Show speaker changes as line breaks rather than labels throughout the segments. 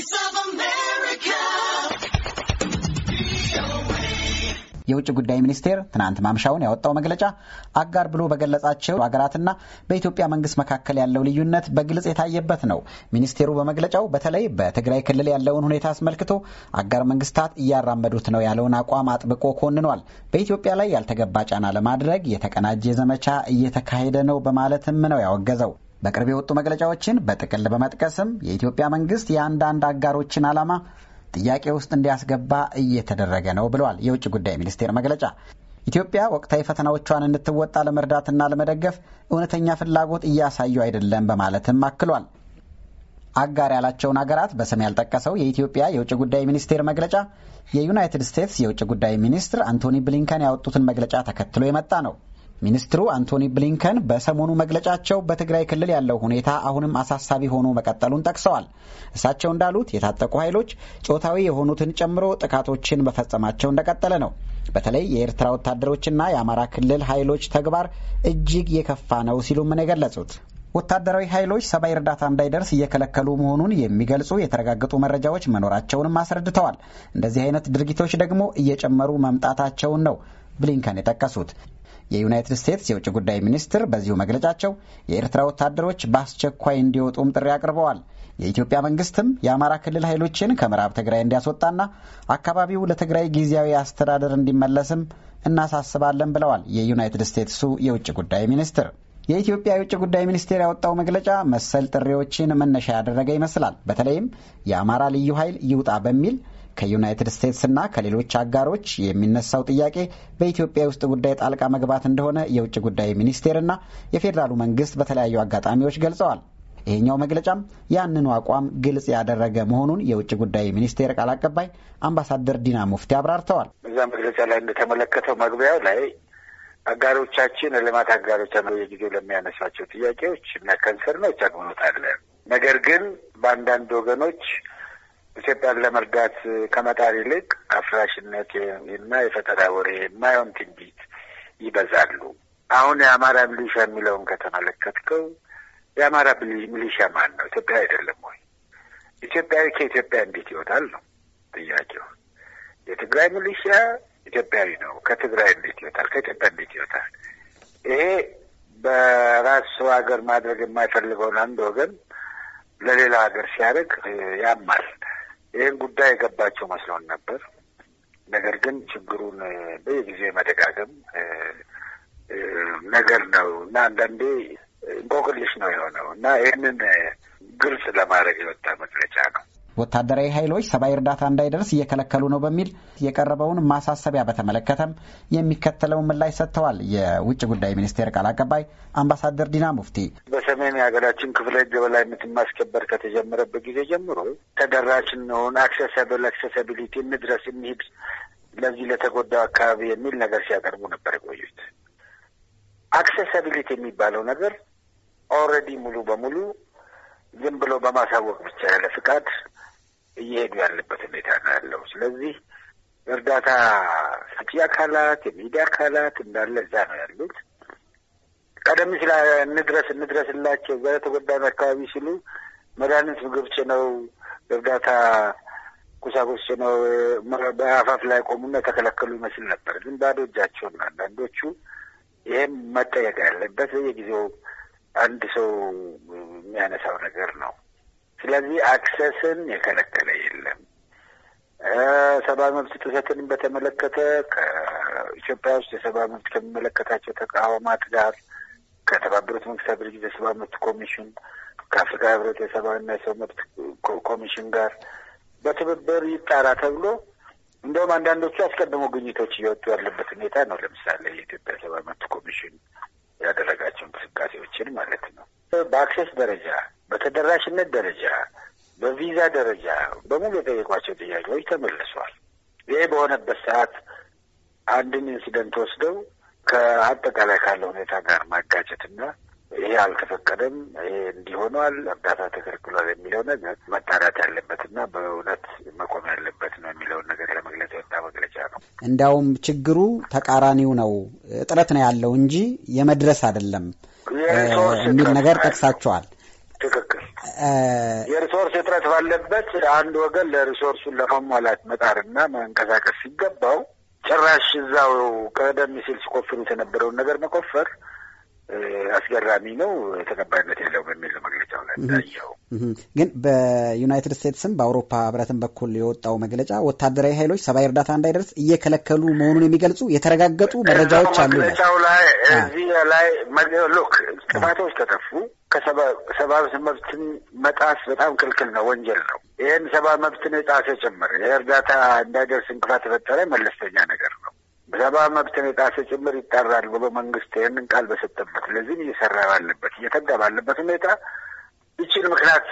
Voice of America.
የውጭ ጉዳይ ሚኒስቴር ትናንት ማምሻውን ያወጣው መግለጫ አጋር ብሎ በገለጻቸው ሀገራትና በኢትዮጵያ መንግስት መካከል ያለው ልዩነት በግልጽ የታየበት ነው። ሚኒስቴሩ በመግለጫው በተለይ በትግራይ ክልል ያለውን ሁኔታ አስመልክቶ አጋር መንግስታት እያራመዱት ነው ያለውን አቋም አጥብቆ ኮንኗል። በኢትዮጵያ ላይ ያልተገባ ጫና ለማድረግ የተቀናጀ ዘመቻ እየተካሄደ ነው በማለትም ነው ያወገዘው። በቅርብ የወጡ መግለጫዎችን በጥቅል በመጥቀስም የኢትዮጵያ መንግስት የአንዳንድ አጋሮችን ዓላማ ጥያቄ ውስጥ እንዲያስገባ እየተደረገ ነው ብለዋል። የውጭ ጉዳይ ሚኒስቴር መግለጫ ኢትዮጵያ ወቅታዊ ፈተናዎቿን እንድትወጣ ለመርዳትና ለመደገፍ እውነተኛ ፍላጎት እያሳዩ አይደለም በማለትም አክሏል። አጋር ያላቸውን አገራት በስም ያልጠቀሰው የኢትዮጵያ የውጭ ጉዳይ ሚኒስቴር መግለጫ የዩናይትድ ስቴትስ የውጭ ጉዳይ ሚኒስትር አንቶኒ ብሊንከን ያወጡትን መግለጫ ተከትሎ የመጣ ነው። ሚኒስትሩ አንቶኒ ብሊንከን በሰሞኑ መግለጫቸው በትግራይ ክልል ያለው ሁኔታ አሁንም አሳሳቢ ሆኖ መቀጠሉን ጠቅሰዋል። እሳቸው እንዳሉት የታጠቁ ኃይሎች ጾታዊ የሆኑትን ጨምሮ ጥቃቶችን መፈጸማቸው እንደቀጠለ ነው። በተለይ የኤርትራ ወታደሮችና የአማራ ክልል ኃይሎች ተግባር እጅግ የከፋ ነው ሲሉም ነው የገለጹት። ወታደራዊ ኃይሎች ሰብአዊ እርዳታ እንዳይደርስ እየከለከሉ መሆኑን የሚገልጹ የተረጋገጡ መረጃዎች መኖራቸውንም አስረድተዋል። እንደዚህ አይነት ድርጊቶች ደግሞ እየጨመሩ መምጣታቸውን ነው ብሊንከን የጠቀሱት። የዩናይትድ ስቴትስ የውጭ ጉዳይ ሚኒስትር በዚሁ መግለጫቸው የኤርትራ ወታደሮች በአስቸኳይ እንዲወጡም ጥሪ አቅርበዋል። የኢትዮጵያ መንግስትም የአማራ ክልል ኃይሎችን ከምዕራብ ትግራይ እንዲያስወጣና አካባቢው ለትግራይ ጊዜያዊ አስተዳደር እንዲመለስም እናሳስባለን ብለዋል። የዩናይትድ ስቴትሱ የውጭ ጉዳይ ሚኒስትር የኢትዮጵያ የውጭ ጉዳይ ሚኒስቴር ያወጣው መግለጫ መሰል ጥሪዎችን መነሻ ያደረገ ይመስላል። በተለይም የአማራ ልዩ ኃይል ይውጣ በሚል ከዩናይትድ ስቴትስና ከሌሎች አጋሮች የሚነሳው ጥያቄ በኢትዮጵያ የውስጥ ጉዳይ ጣልቃ መግባት እንደሆነ የውጭ ጉዳይ ሚኒስቴርና የፌዴራሉ መንግስት በተለያዩ አጋጣሚዎች ገልጸዋል። ይሄኛው መግለጫም ያንኑ አቋም ግልጽ ያደረገ መሆኑን የውጭ ጉዳይ ሚኒስቴር ቃል አቀባይ አምባሳደር ዲና ሙፍቲ አብራርተዋል።
እዛ መግለጫ ላይ እንደተመለከተው መግቢያው ላይ አጋሮቻችን ልማት አጋሮች የጊዜው ለሚያነሷቸው ጥያቄዎች እና ከንሰርኖች አግብኖት አለ። ነገር ግን በአንዳንድ ወገኖች ኢትዮጵያን ለመርዳት ከመጣር ይልቅ አፍራሽነት እና የፈጠራ ወሬ የማይሆን ትንቢት ይበዛሉ። አሁን የአማራ ሚሊሻ የሚለውን ከተመለከትከው የአማራ ሚሊሻ ማን ነው? ኢትዮጵያ አይደለም ወይ? ኢትዮጵያዊ ከኢትዮጵያ እንዴት ይወጣል ነው ጥያቄው። የትግራይ ሚሊሻ ኢትዮጵያዊ ነው። ከትግራይ እንዴት ይወጣል? ከኢትዮጵያ እንዴት ይወጣል? ይሄ በራሱ ሀገር ማድረግ የማይፈልገውን አንድ ወገን ለሌላ ሀገር ሲያደርግ ያማል። ይህን ጉዳይ የገባቸው መስሎን ነበር። ነገር ግን ችግሩን በየጊዜ መደጋገም ነገር ነው እና አንዳንዴ እንቆቅልሽ ነው የሆነው እና ይህንን ግልጽ ለማድረግ የወጣ መግለጫ ነው።
ወታደራዊ ኃይሎች ሰብአዊ እርዳታ እንዳይደርስ እየከለከሉ ነው በሚል የቀረበውን ማሳሰቢያ በተመለከተም የሚከተለውን ምላሽ ሰጥተዋል። የውጭ ጉዳይ ሚኒስቴር ቃል አቀባይ አምባሳደር ዲና ሙፍቲ
በሰሜን የሀገራችን ክፍለ የበላይነትን ማስከበር ከተጀመረበት ጊዜ ጀምሮ ተደራሽ እንሆን፣ አክሰሰብል አክሰሰቢሊቲ እንድረስ፣ እንሂድ ለዚህ ለተጎዳው አካባቢ የሚል ነገር ሲያቀርቡ ነበር የቆዩት። አክሰሳቢሊቲ የሚባለው ነገር ኦልሬዲ ሙሉ በሙሉ ዝም ብሎ በማሳወቅ ብቻ ያለ ፍቃድ እየሄዱ ያለበት ሁኔታ ነው ያለው። ስለዚህ እርዳታ ሰጪ አካላት፣ የሚዲያ አካላት እንዳለ እዛ ነው ያሉት። ቀደም ሲል እንድረስ እንድረስላቸው እዛ የተጎዳን አካባቢ ሲሉ መድኃኒት፣ ምግብ ጭነው እርዳታ ቁሳቁስ ጭነው በአፋፍ ላይ ቆሙና የተከለከሉ ይመስል ነበር። ግን ባዶ እጃቸውን አንዳንዶቹ። ይህም መጠየቅ ያለበት በየጊዜው አንድ ሰው የሚያነሳው ነገር ነው። ስለዚህ አክሰስን የከለከለ የለም። ሰብአዊ መብት ጥሰትን በተመለከተ ከኢትዮጵያ ውስጥ የሰብአዊ መብት ከሚመለከታቸው ተቋማት ጋር ከተባበሩት መንግስታት ድርጅት የሰብአዊ መብት ኮሚሽን ከአፍሪካ ህብረት የሰብአዊና የሰው መብት ኮሚሽን ጋር በትብብር ይጣራ ተብሎ እንደውም አንዳንዶቹ አስቀድሞ ግኝቶች እየወጡ ያለበት ሁኔታ ነው። ለምሳሌ የኢትዮጵያ ሰብአዊ መብት ኮሚሽን ያደረጋቸው እንቅስቃሴዎችን ማለት ነው። በአክሴስ ደረጃ በተደራሽነት ደረጃ፣ በቪዛ ደረጃ በሙሉ የጠየቋቸው ጥያቄዎች ተመልሷል። ይህ በሆነበት ሰዓት አንድን ኢንሲደንት ወስደው ከአጠቃላይ ካለ ሁኔታ ጋር ማጋጨትና ይሄ አልተፈቀደም፣ ይሄ እንዲሆኗል፣ እርዳታ ተከልክሏል የሚለው ነገር መጣራት ያለበትና በእውነት መቆም ያለበት ነው የሚለውን ነገር ለመግለጽ የወጣ መግለጫ ነው።
እንዲያውም ችግሩ ተቃራኒው ነው፣ እጥረት ነው ያለው እንጂ የመድረስ አይደለም የሚል ነገር ጠቅሳቸዋል።
የሪሶርስ እጥረት ባለበት አንድ ወገን ለሪሶርሱን ለማሟላት መጣርና መንቀሳቀስ ሲገባው ጭራሽ እዛው ቀደም ሲል ሲቆፍሩት የነበረውን ነገር መቆፈር አስገራሚ ነው፣ ተቀባይነት የለው በሚል መግለጫው ላይ
እንዳየው። ግን በዩናይትድ ስቴትስም በአውሮፓ ህብረትም በኩል የወጣው መግለጫ ወታደራዊ ኃይሎች ሰብአዊ እርዳታ እንዳይደርስ እየከለከሉ መሆኑን የሚገልጹ የተረጋገጡ መረጃዎች አሉ። መግለጫው ላይ
እዚህ ላይ ሉክ ጥፋቶች ተጠፉ ከሰብአዊ መብትን መጣስ በጣም ክልክል ነው፣ ወንጀል ነው። ይህን ሰብአዊ መብትን የጣሰ ጭምር ይህ እርዳታ እንዳይደርስ እንቅፋት የፈጠረ መለስተኛ ነገር ነው። ሰብአዊ መብትን የጣሰ ጭምር ይጣራል ብሎ መንግስት ይህንን ቃል በሰጠበት ለዚህም እየሰራ ባለበት እየተጋ ባለበት ሁኔታ ይችን ምክንያት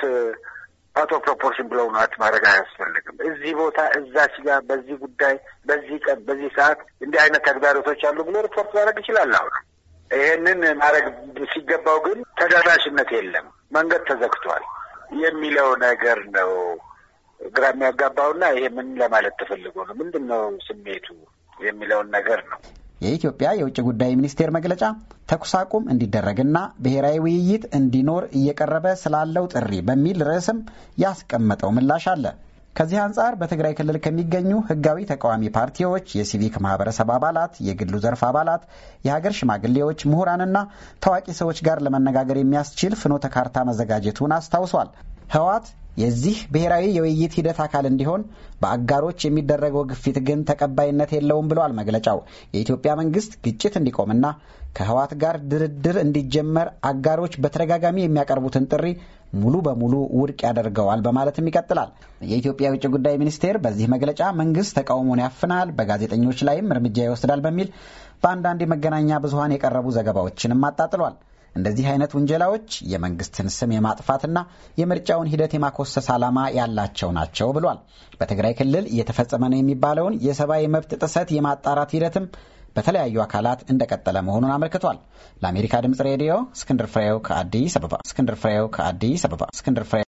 አውት ኦፍ ፕሮፖርሽን ብለው ናት ማድረግ አያስፈልግም። እዚህ ቦታ እዛች ጋር በዚህ ጉዳይ በዚህ ቀን በዚህ ሰዓት እንዲህ አይነት ተግዳሮቶች አሉ ብሎ ሪፖርት ማድረግ ይችላል አሁንም ይሄንን ማድረግ ሲገባው ግን ተደራሽነት የለም፣ መንገድ ተዘግቷል የሚለው ነገር ነው ግራ የሚያጋባውና ይሄ ምን ለማለት ተፈልጎ ነው፣ ምንድን ነው ስሜቱ የሚለውን ነገር ነው።
የኢትዮጵያ የውጭ ጉዳይ ሚኒስቴር መግለጫ ተኩስ አቁም እንዲደረግና ብሔራዊ ውይይት እንዲኖር እየቀረበ ስላለው ጥሪ በሚል ርዕስም ያስቀመጠው ምላሽ አለ። ከዚህ አንጻር በትግራይ ክልል ከሚገኙ ህጋዊ ተቃዋሚ ፓርቲዎች፣ የሲቪክ ማህበረሰብ አባላት፣ የግሉ ዘርፍ አባላት፣ የሀገር ሽማግሌዎች፣ ምሁራንና ታዋቂ ሰዎች ጋር ለመነጋገር የሚያስችል ፍኖተ ካርታ መዘጋጀቱን አስታውሷል። ህወሓት የዚህ ብሔራዊ የውይይት ሂደት አካል እንዲሆን በአጋሮች የሚደረገው ግፊት ግን ተቀባይነት የለውም ብለዋል መግለጫው። የኢትዮጵያ መንግስት ግጭት እንዲቆምና ከህወሓት ጋር ድርድር እንዲጀመር አጋሮች በተደጋጋሚ የሚያቀርቡትን ጥሪ ሙሉ በሙሉ ውድቅ ያደርገዋል በማለትም ይቀጥላል። የኢትዮጵያ የውጭ ጉዳይ ሚኒስቴር በዚህ መግለጫ መንግስት ተቃውሞን ያፍናል፣ በጋዜጠኞች ላይም እርምጃ ይወስዳል በሚል በአንዳንድ የመገናኛ ብዙሀን የቀረቡ ዘገባዎችንም አጣጥሏል። እንደዚህ አይነት ውንጀላዎች የመንግስትን ስም የማጥፋትና የምርጫውን ሂደት የማኮሰስ ዓላማ ያላቸው ናቸው ብሏል። በትግራይ ክልል እየተፈጸመ ነው የሚባለውን የሰብአዊ መብት ጥሰት የማጣራት ሂደትም በተለያዩ አካላት እንደቀጠለ መሆኑን አመልክቷል። ለአሜሪካ ድምጽ ሬዲዮ እስክንድር ፍሬው ከአዲስ አበባ። እስክንድር ፍሬው ከአዲስ አበባ። እስክንድር ፍሬው